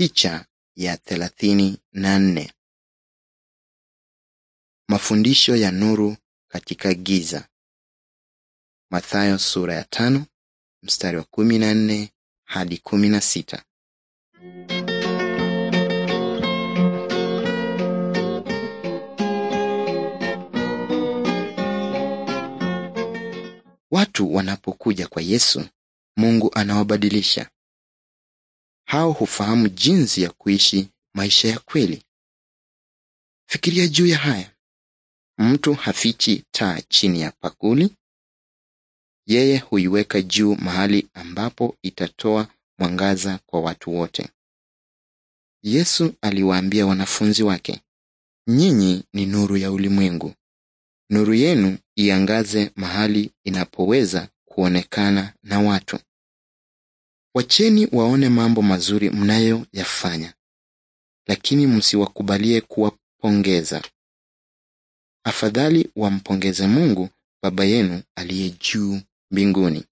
Picha ya thelathini na nne Mafundisho ya nuru katika giza. Mathayo sura ya tano mstari wa kumi na nne hadi kumi na sita. Watu wanapokuja kwa Yesu, Mungu anawabadilisha hao hufahamu jinsi ya kuishi maisha ya kweli. Fikiria juu ya haya. Mtu hafichi taa chini ya pakuli. Yeye huiweka juu mahali ambapo itatoa mwangaza kwa watu wote. Yesu aliwaambia wanafunzi wake, nyinyi ni nuru ya ulimwengu. Nuru yenu iangaze mahali inapoweza kuonekana na watu. Wacheni waone mambo mazuri mnayoyafanya, lakini msiwakubalie kuwapongeza. Afadhali wampongeze Mungu Baba yenu aliye juu mbinguni.